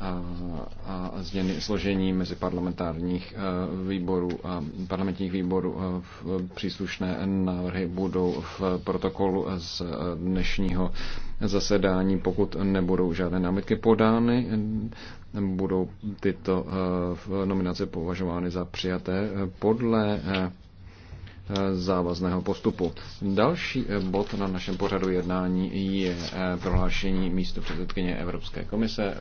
a, a změny složení mezi parlamentárních e, výborů a parlamentních výborů e, příslušné návrhy budou v protokolu z e, dnešního zasedání, pokud nebudou žádné námitky podány, budou tyto nominace považovány za přijaté podle závazného postupu. Další bod na našem pořadu jednání je prohlášení místo předsedkyně Evropské komise.